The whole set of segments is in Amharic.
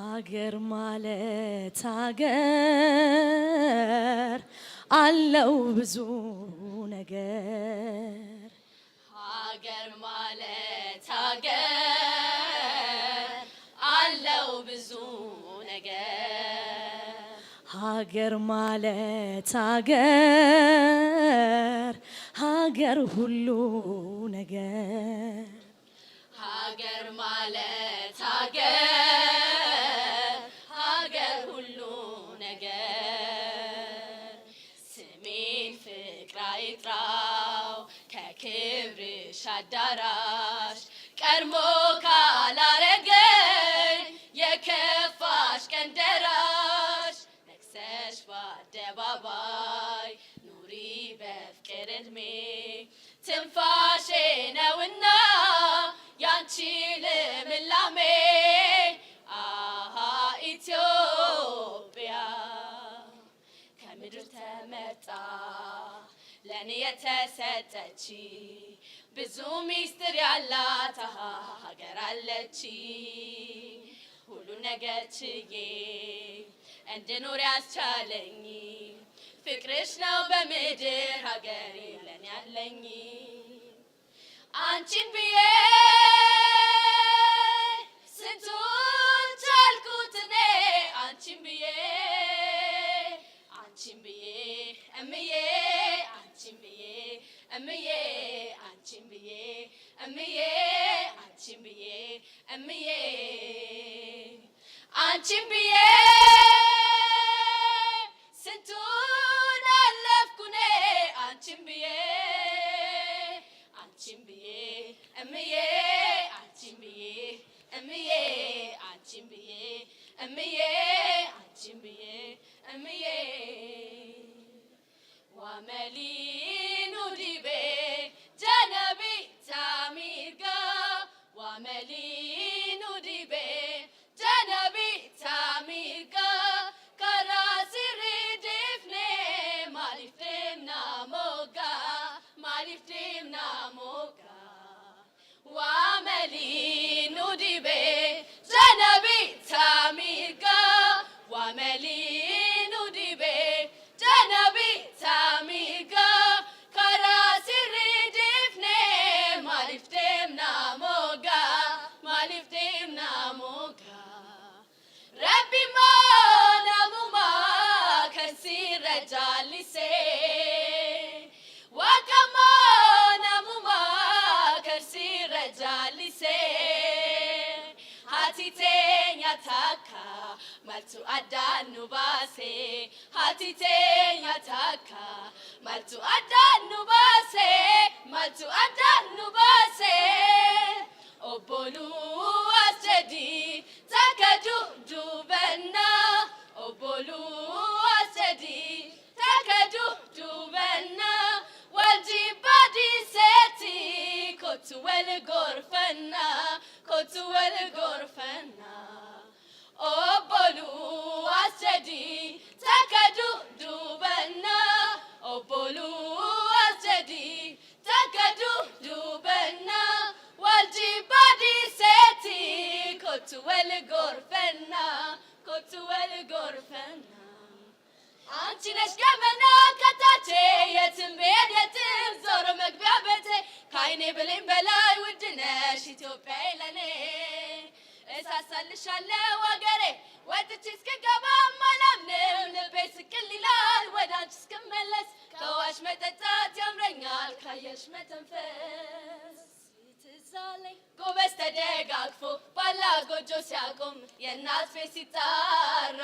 ሀገር ማለት ሀገር አለው ብዙ ነገር ሀገር ማለት ሀገር አለው ብዙ ነገር ሀገር ማለት ሀገር ሀገር ሁሉ ነገር ሀገር ማለት ሀገር ክብርሽ አዳራሽ ቀድሞ ካላረገኝ የከፋሽ ቀን ደራሽ ነግሰሽ በአደባባይ ኑሪ በፍቅር እድሜ ትንፋሼ ነውና ያንቺ ለእኔ የተሰጠች ብዙ ሚስጥር ያላት ሀገር አለች። ሁሉ ነገር ችዬ እንድኖር ያስቻለኝ ፍቅርሽ ነው በምድር ሀገር ለእኔ ያለኝ አንቺን ብዬ အမေရဲ့အချင်းမရေအမေရဲ့အချင်းမရေအမေရဲ့အချင်းမရေစတူနာလဖ်ကုနေအချင်းမရေအချင်းမရေအမေရဲ့အချင်းမရေအမေရဲ့အချင်းမရေအမေရဲ့အချင်းမရေအမေရဲ့ဝါမလီ Sudibe, Janabi Tamirga, Wameli Nudibe, Janabi Tamirga, Karasiri Divne, Maliftim Namoga, Maliftim Namoga, Wameli. maltu addaannu baasee hati tenya takka maltu addaannu baasee maltu addaannu baasee obboluu as jedhii takka duuduubenna obboluu as jedhii takka duuduubenna waljii badiiseeti kottu wal gorfanna kottu wal gorfanna. ኮትወል ጎርፈና ኮትወል ጎርፈና አንቺ ነሽ ገመና ከታቼ የትም ብሄድ የትም ዞሮ መግቢያ ቤቴ ከአይኔ ብሌን በላይ ውድ ነሽ ኢትዮጵያ ለኔ እሳሳልሻለሁ አገሬ ወጥቼ እስክገባ አላምንም ልቤ ስቅል ይላል ወደ አንቺ እስክመለስ ከዋሽ መጠጣት ያምረኛል ካየሽ መተንፈስ ትዛለኝ ጎበዝ ተደጋግፎ የሞላ ጎጆ ሲያቆም የእናት ቤት ሲጠራ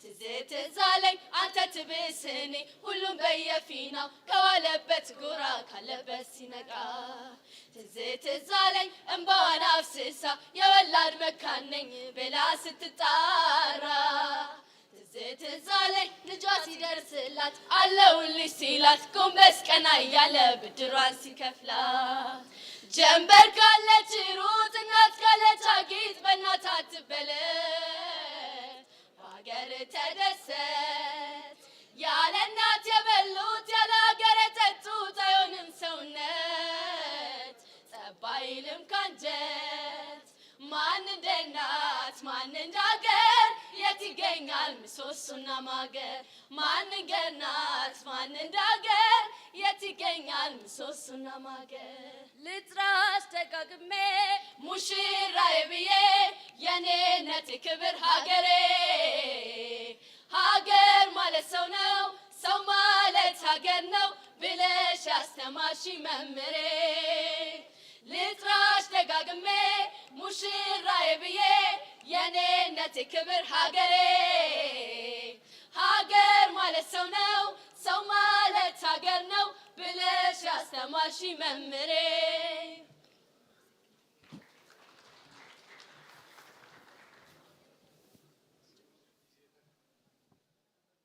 ትዝ ላይ አለኝ አንተ ትብስኔ ሁሉም በየፊናው ከዋለበት ጎራ ካለበት ሲነቃ ትዝ ትዝ አለኝ እንባዋን አፍስሳ የወላድ መካነኝ ብላ ስትጣራ ትዝ ላይ ልጇ ሲደርስላት አለሁልሽ ሲላት ጎንበስ ቀና እያለ ብድሯን ሲከፍላት ጀንበር ካለች ሩጥ እናት ካለች አጊጥ በእናት አትበለት በሀገር ተደሰት ያለ እናት የበሉት ያለ ሀገር የጠጡት አይሆንም ሰውነት ጠባይልም ካንጀት ማን እንደ እናት ማን እንደ ይገኛል ምሶሱና ማገር ማን ገናት ማን እንዳገር የት ይገኛል ምሶሱና ማገር ልጥራስ ደጋግሜ ሙሽራዬ ብዬ የኔነት ክብር ሀገሬ ሀገር ማለት ሰው ነው ሰው ማለት ሀገር ነው ብለሽ አስተማርሽ መምሬ ልጥራሽ ደጋግሜ ሙሽራዬ ብዬ የኔነቴ ክብር ሀገሬ ሀገር ማለት ሰው ነው፣ ሰው ማለት ሀገር ነው ብለሽ ያስተማርሽ መምሬ